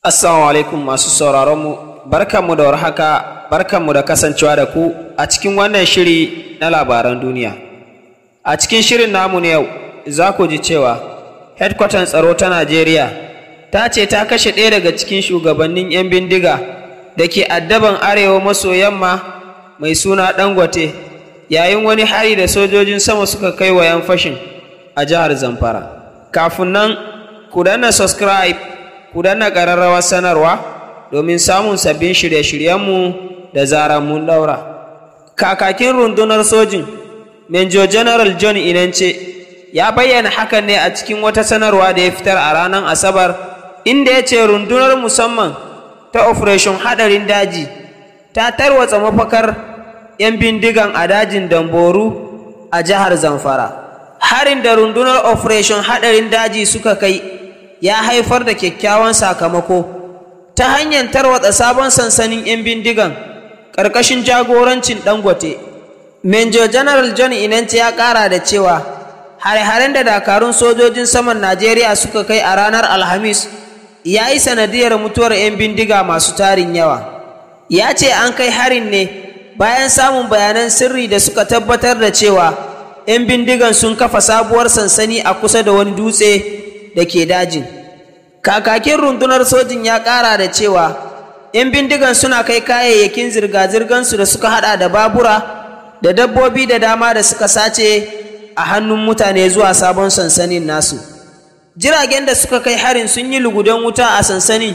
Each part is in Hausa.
Assalamu alaikum masu sauraronmu, barkanmu da warhaka, barkanmu da kasancewa da ku a cikin wannan shiri na labaran duniya. A cikin shirin namu na yau, za ku ji cewa headquarter tsaro ta Najeriya ta ce ta kashe ɗaya daga cikin shugabannin 'yan bindiga da ke addaban arewa maso yamma mai suna Dangote yayin wani hari da sojojin sama suka kai wa 'yan fashin a jihar Zamfara. Kafin nan, ku danna subscribe ku danna ƙararrawar sanarwa domin samun sabbin shirye-shiryenmu da zarar mun ɗaura. Kakakin rundunar sojin, Menjo General John Inance, ya bayyana hakan ne a cikin wata sanarwa da ya fitar a ranar Asabar, inda ya ce rundunar musamman ta Operation Haɗarin Daji ta tarwatsa mafakar 'yan bindigan a dajin Damboru a jihar Zamfara. Harin da rundunar Operation Haɗarin Daji suka kai ya haifar da kyakkyawan sakamako ta hanyar tarwatsa sabon sansanin 'yan bindigan ƙarƙashin jagorancin dangote menjo general john inanti ya ƙara da cewa hare-haren da dakarun sojojin saman najeriya suka kai a ranar alhamis ya yi sanadiyar mutuwar 'yan bindiga masu tarin yawa ya ce an kai harin ne bayan samun bayanan sirri da suka tabbatar da cewa 'yan bindigan sun kafa sabuwar sansani a kusa da wani dutse da ke dajin kakakin rundunar sojin ya ƙara da cewa 'yan bindigan suna kai kayayyakin zirga-zirgansu da suka hada da babura da dabbobi da dama da suka sace a hannun mutane zuwa sabon sansanin nasu jiragen da suka kai harin sun yi lugudan wuta a sansanin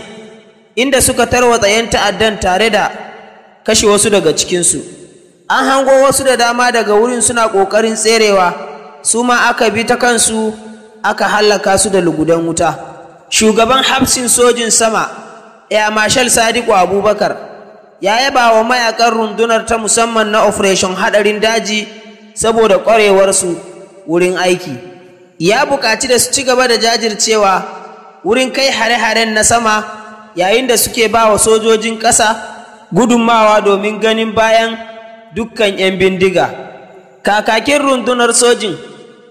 inda suka tarwatsa 'yan ta'addan tare da kashe wasu daga cikinsu an hango wasu da dama daga wurin suna ƙoƙarin tserewa su ma aka bi ta kansu aka hallaka su da lugudan wuta shugaban hafsin sojin sama ya marshal sadiku abubakar ya yaba wa mayakan rundunar ta musamman na operation hadarin daji saboda ƙwarewarsu wurin aiki ya buƙaci da su ci gaba da jajircewa wurin kai hare-haren na sama yayin da suke ba wa sojojin ƙasa gudunmawa domin ganin bayan dukkan 'yan bindiga kakakin rundunar sojin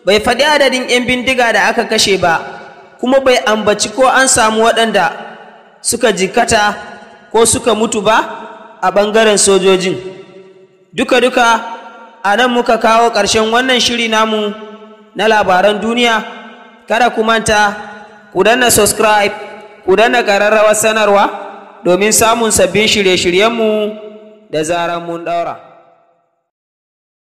bai faɗi adadin 'yan bindiga da aka kashe ba kuma bai ambaci ko an samu waɗanda suka jikata ko suka mutu ba a ɓangaren sojojin duka-duka a nan muka kawo ƙarshen wannan shiri namu na labaran duniya kada ku manta ku danna subscribe ku danna ƙararrawar sanarwa domin samun sabbin shirye-shiryenmu da zaran mun ɗaura.